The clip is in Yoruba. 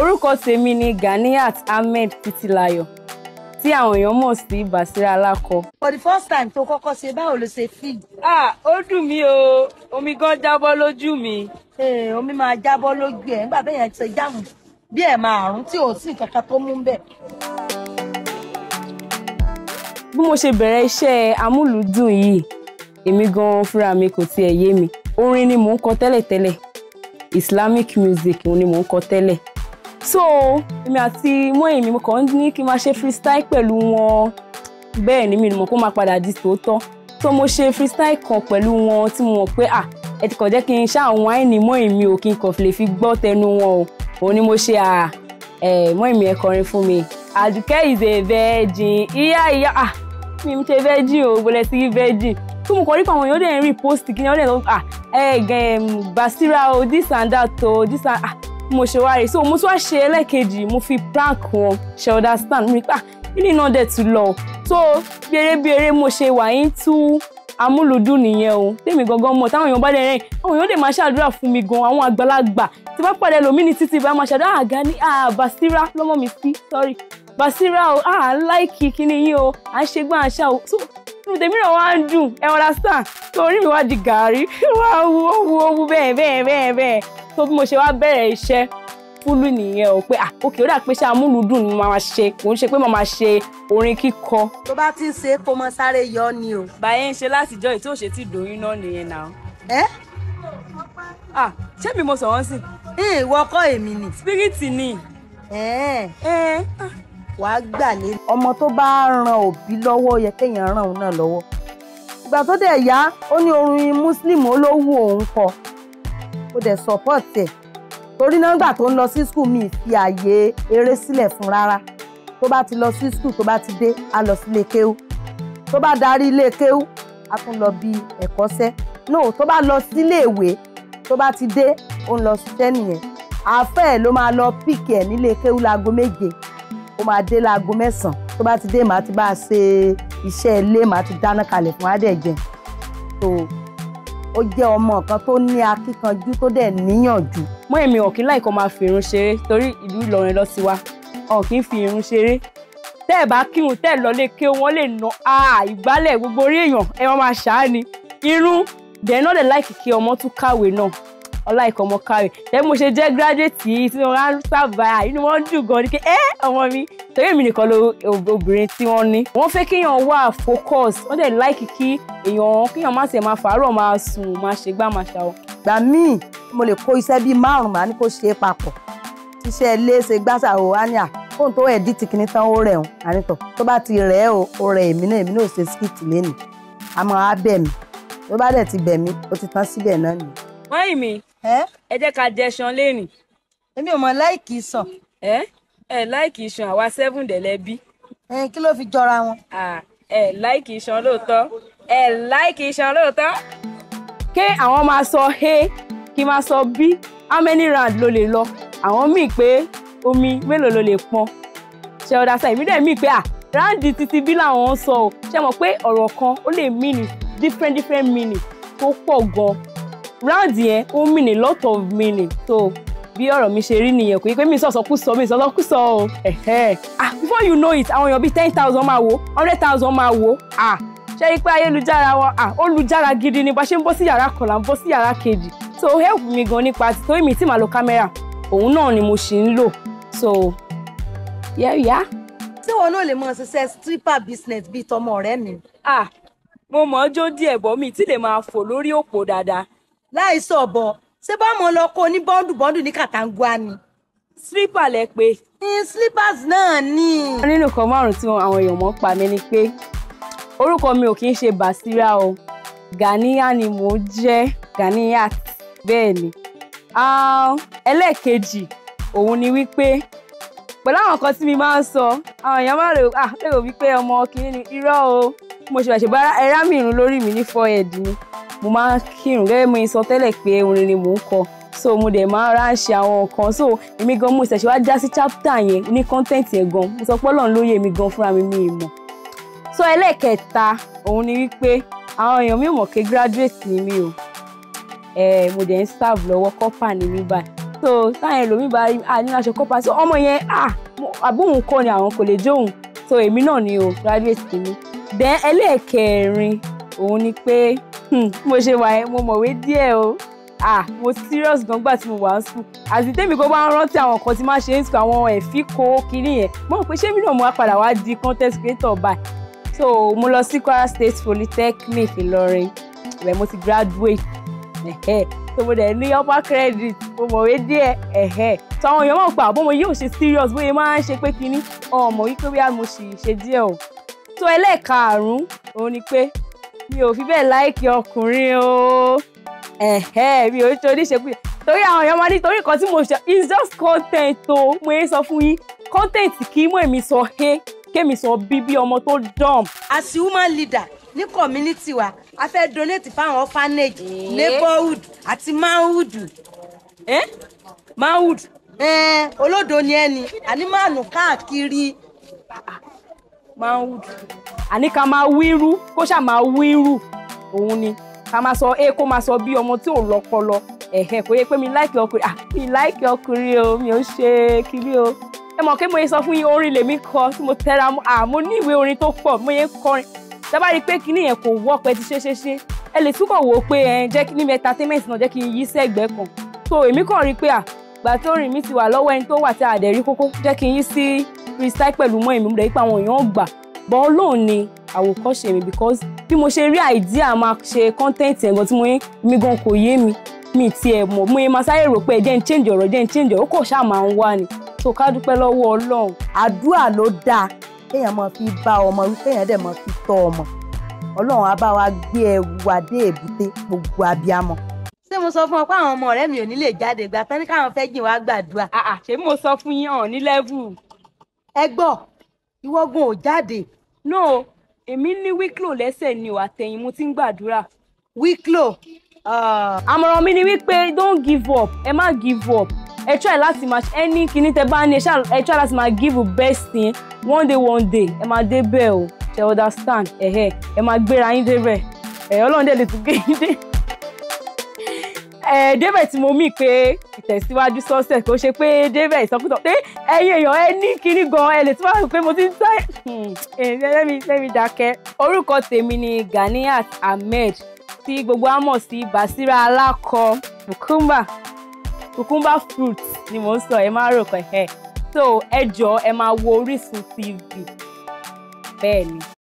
orúkọ tèmi ni Ganiat Ahmed Títílayọ̀ tí àwọn èèyàn mọ̀ sí Basira Alákọ. for the first time tó kọ́kọ́ ṣe báwo ló ṣe fi. ah ó dùn mí o omi gan jábọ́ lójú mi. ee eh, omi máa jábọ́ lójú ẹ̀ nígbà bẹ́ẹ̀ yẹn ti jáàmù bí ẹ̀ máa rún tí ò sí kankan tó mú bẹ́ẹ̀. bí mo ṣe bẹ̀rẹ̀ iṣẹ́ amúlùúdùn yìí èmi gan fúnra mi kò tiẹ̀ yé mi orin ni mò ń kọ tẹ́lẹ̀tẹ́lẹ̀ Islamic music ni mò ń kọ tẹ́lẹ̀ so èmi àti mọ́yìn mi mo kàn ní kí n máa ṣe freestyle pẹ̀lú wọn bẹ́ẹ̀ ni mi ni mo kó máa padà di tòótọ́ so mo ṣe freestyle kan pẹ̀lú wọn tí mo mọ̀ pé à ẹ ti kàn jẹ́ kí n ṣáwọn àìní mọ́yìn mi ò kí n kàn lè fi gbọ́ tẹnu wọn o òun ni mo ṣe à mọ́yìn mi ẹ kọrin fún mi àdùkẹ́ is a virgin ìyá ìyá à mi ṣe virgin o gbọ́dọ̀ sí virgin tó mo kàn rí àwọn èèyàn dẹ̀ ń rí post kí ni wọ́n dẹ̀ lọ à ẹ̀ gẹ̀ o this and that o this and ah mo ṣe wá rí so mo tún wá ṣe ẹlẹ́ẹ̀kejì mo fi prank wọn ṣe understand mi pa ah, ilé náà dẹ̀ tún lọ so bèrèbèrè mo ṣe wà yín tú amúlùdùn nìyẹn o tèmi gangan mọ táwọn èèyàn bá dẹ rìn àwọn èèyàn lè máa ṣàdúrà fún mi gan àwọn àgbàlagbà tí bá pàdé lómi ní títí bá máa ṣàdúrà àga ah, ní ah, àbàsírà lọmọ mi sí sorry Basira o a láìkì kíní yín o à ń ṣe gbọ́n àṣà o tèmi náà wá ń dùn ẹ understand tó orí mi wá di gàárì wá wu wu wu bẹ́ẹ̀ bẹ́ẹ̀ bẹ́ẹ̀ bẹ́ẹ̀ tó bí mo ṣe wá bẹ̀rẹ̀ iṣẹ́ fúlù nìyẹn o pé ah òkè ó dà pé ṣé amúlùúdùn ni mo máa ṣe kò ń ṣe pé mo máa ṣe orin kíkọ. tó bá ti ń ṣe é kó mọ sáré yọ ni o. bàyẹ̀ ń ṣe látijọ́ èyí tí ò ṣe ti náà nìyẹn náà. ẹ. ah ṣé mi mo sọ̀rọ̀ sí. ìwọ kọ́ èmi ni. spiriti ni. ẹ ẹ wàá gbà lé ọmọ tó bá ran òbí lọ́wọ́ yẹ kéèyàn ràn òun náà lọ́wọ́ ìgbà tó dẹ̀ yá ó ní orin muslim olówó òun kọ ó dẹ̀ support ẹ̀ torí náà gbà tó ń lọ sí skul mi fi àyè eré sílẹ̀ fún rárá tó bá ti lọ sí skul tó bá ti dé a lọ sí ilé kéwú tó bá darí ilé kéwú a tún lọ bí ẹ̀kọ́ṣẹ́ no tó bá lọ sílé ìwé tó bá ti dé ó ń lọ ṣiṣẹ́ nìyẹn àáfẹ́ ló máa lọ píkì ẹ̀ nílé kéwú láago méje ó máa dé láago mẹ́sàn-án tó bá ti dé màá ti bá a ṣe iṣẹ́ ilé màá ti dáná kalẹ̀ fún adẹ̀jẹ̀ tó ó jẹ́ ọmọ kan tó ní akíkanjú tó dẹ̀ níyànjú. mọ èmi ọ̀kín láìkọ́ máa fi irun ṣeré torí ìlú Ìlọrin lọ sí wa ọ̀kín fi irun ṣeré tẹ́ ẹ̀ bá kírun tẹ́ ẹ̀ lọlé kí wọ́n lè na àìgbálẹ̀ gbogbo orí èèyàn ẹ wọ́n máa ṣáá ni irun dẹ̀ náà dẹ̀ láìkì ọmọ tún kàwé náà ọláìkọ́ ọmọ káre tẹ́lẹ̀ mo ṣe jẹ́ graduate yìí tí wọ́n á ń sábà inú wọn dùn gan ni pé ẹ́ ọmọ mi torí èmi nìkan ló obìnrin tí wọ́n ní. wọ́n fẹ́ kéèyàn wà focus wọ́n dẹ̀ láìkì kí èèyàn kéèyàn má tiẹ̀ máa fàárọ̀ máa sùn máa ṣe gbá máa ṣàwọ̀. gbà míì mo lè kó iṣẹ́ bíi márùn-ún màá ní kó ṣe é papọ̀ iṣẹ́ ilé ṣe gbàṣà ò á ní à fóun tó ẹ̀dí ti kìíní tán ó rẹ̀ ọ́n àníkàn tó bá ti rẹ̀ ẹ́ o rẹ̀ èmi náà èmi náà ò ṣe skit lẹ́nu àmọ́ á bẹ̀ tó bá dẹ̀ ti bẹ̀ mí ó ti tán síbẹ̀ náà nìyẹn wọ́n mi ẹ jẹ́ ká jẹ ṣan lẹ́rìn. èmi ò mọ láìkì sàn. ẹ ẹ láìkì sàn àwa seven dẹ̀lẹ́bí. kí ló fi jọra wọn. ẹ láìkì sàn lóòótọ́ ẹ láìkì sàn lóòótọ́. ké àwọn máa sọ he kí máa sọ bí how many round ló lè lọ àwọn míì pé omi mélòó ló lè pọn ṣe ọ̀dà sáà èmi dẹ̀ míì pé à ráǹdì títí bí làwọn ń sọ ọ ṣe mọ̀ pé ọ̀rọ̀ kan ó lè mean different different meaning tó pọ̀ gan-an round yẹn ó mean a lot of meaning so bí ọ̀rọ̀ mi ṣe rí nìyẹn kò yí pé mi sọ̀sọ̀ kú sọ mi sọ̀sọ̀ kú sọ o ah before you know it àwọn èèyàn bíi ten thousand máa wo hundred thousand máa wo ah ṣe rí i pé ayélujára wọn ah ó lu gidi ni bá ṣe ń bọ́ sí yàrá kan là ń bọ́ sí yàrá kejì so help me, gan nípa torí mi tí màá lo kámẹ́rà òun náà ni mo ṣì ń lò so yẹ́yà. tí wọn náà lè mọ ṣiṣẹ́ stripper business bíi tọmọ rẹ ni. ah mo mọ̀ ọjọ́ díẹ̀ bọ́ mi tí lè máa fò lórí òpó dáadáa láìsọ ọbọ ṣé bá mo lọ kó ní bọ́ndù bọ́ndù ní kàtàǹgùà ni. slipper lẹ pé. slippers náà ni. nínú nǹkan márùn-ún tí àwọn èèyàn mọ̀ ń pa mí ni pé orúkọ mi ò kì í ṣe Basira o Ganiya ni mò ń jẹ́ Ganiyat ni. ẹlẹ́ẹ̀kejì òun ni wípé pẹ̀lú àwọn nǹkan tí mi máa ń sọ àwọn èèyàn máa lè wò wípé ọmọ kìíní ni irọ́ o mo ṣe bàṣẹ bá ẹ̀rá mi ìrún lórí mi ní forehead ni mo máa kírun gẹ́gẹ́ mi sọ tẹ́lẹ̀ pé orin ni mò ń kọ so mo dẹ̀ máa ra ṣe àwọn nǹkan so èmi gan mo ṣẹ̀ṣẹ̀ wá já sí chapter yẹn ní content yẹn gan mo sọ pé Ọlọ́run ló yé mi gan fúnra mi mi ìmọ̀ so ẹlẹ́ẹ̀kẹta òun ni wípé àwọn èèyàn mi ò mọ̀ pé graduate ni mi o eh, mo dẹ̀ ń serve lọ́wọ́ kọ́pà ní mi báyìí so táyẹn lómi bá a ní aṣọ kọ́pà so ọmọ yẹn ah àbóhùn kọ́ ni àwọn kò lè jóhùn so èmi náà ni o graduate kìíní then ẹlẹ́ẹ̀kẹrin òun ni pé Hmm, mo ṣe wà ẹ́ mo mọ̀wé díẹ̀ o ah mo serious gan gbà tí mo wà ń sùn àti tèmi kó bá ń rántí àwọn nǹkan tí máa ṣe ń sùn àwọn ẹ̀fí kó kiri yẹn mo rò pé ṣé mi náà mo wá padà wá di content creator báyìí so mo lọ sí Kwara State Polytechnic Ìlọrin ibẹ̀ mo ti graduate ẹ̀hẹ́ so mo dẹ̀ ní upper credit mo mọ̀wé díẹ̀ ẹ̀hẹ́ so àwọn èèyàn mọ̀ pa àbọ̀ mo yóò ṣe serious bóyá máa ń ṣe pé kinní ọmọ wípé bí mo ṣì ṣe díẹ̀ o so ẹlẹ́ẹ̀karùn-ún òun ni pé mi ò fi bẹ́ẹ̀ láìkì ọkùnrin o ẹ̀hẹ́ mi ò ṣe oníṣekúṣe torí àwọn èèyàn máa ní torí nǹkan tí mo ṣe it's just content o mo yẹn sọ fún yín content kì í mú èmi sọ he kémi sọ bí bí ọmọ tó dán. as woman leader ní community wa a fẹ́ donate fáwọn orphanage eh? neighborhood àti manhood eh? manhood eh, olódo ni ẹni àní máàlù káàkiri manhood àní ká máa wíru kó ṣáà máa wíru òun ni ká máa sọ ẹ kó máa sọ bí ọmọ tí ò lọ́pọlọ ẹ̀hẹ̀ kò yẹ pé mi láìkì ọkùnrin ah mi láìkì ọkùnrin o mi ò ṣe kiri o ẹ mọ̀ pé mo yẹ sọ fún yín orin lèmi kọ tí mo tẹ́ra mọ́ à ah, mo ní ìwé orin tó pọ̀ mo yẹ kọrin dábà rí i pé kinní yẹn kò wọ́pẹ́ ti ṣe ṣe ṣe ẹ lè túbọ̀ wò ó pé ẹ jẹ́ kí níbi entertainment náà jẹ́ kí n yí sẹ́gbẹ́ kan so èmi kàn rí i pé à ah, gbà tó rìn mi ti wà lọ́wọ́ ẹni tó wà tí a dẹ̀ rí kókó jẹ́ kí n yí sí freestyle pẹ̀lú mọ́ èmi mo dẹ̀ pé àwọn èèyàn gbà bọ́ Ọlọ́run ni àwòkọ́ṣe mi because bí mo ṣe rí idea máa ṣe content ẹ̀gàn tí mo yẹn mi gan kò yé mi mi tiẹ̀ mọ̀ mo yẹn máa sáré rò pé jẹ́ n change ọ̀rọ̀ jẹ́ n change ọ̀rọ̀ ó kọ̀ ṣáà máa ń wá ni so ká dúpẹ́ lọ́wọ́ Ọlọ́run. àdúrà ló dáa kéèyàn máa fi bá ọmọ wí kéèyàn dẹ̀ máa fi tọ́ ọmọ Ọlọ́run á bá wa gbé ẹrù wa dé èbúté gbogbo abiyamọ ṣé mo sọ fún ọ pé àwọn ọmọ ọ̀rẹ́ mi ò ní lè jáde gbà fẹ́ ní káwọn fẹ́ jìn wá gbàdúrà. Ah, ah, ṣé mo sọ fún yín hàn ní lẹ́vù ẹ gbọ́ ìwọ́gun ò jáde náà èmi ní wíklò lẹ́sẹ̀ ni ò àtẹ̀yìn mo ti ń gbàdúrà. wíklò. Ah. àmọ̀ràn mi ni wípé don't give up ẹ má give up ẹ try láti máa ẹni kíní tẹ bá ní ẹ try láti máa give best thing one day one day ẹ máa dé bẹ́ẹ̀ o ṣe understand ẹ ẹ máa gbéra yín débẹ̀ ẹ ọlọ́run dẹ̀ lè tún gbé yín dé ẹ débẹ̀ tí mo mì pé ìtẹ̀síwájú success kò ṣe pé débẹ̀ ìsọkúsọ pé ẹ̀yin èèyàn ẹ ní kíní gan ẹ lè tí pé mo ti ń sáré lẹ́mi lẹ́mi dákẹ́. orúkọ tèmi ni Ganiat Ahmed tí gbogbo á mọ̀ sí Basira Alákọ Kukumba Kukumba fruit ni mò ń sọ ẹ máa rò pé ẹ so ẹ jọ ẹ máa wo Orísun TV bẹ́ẹ̀ ni.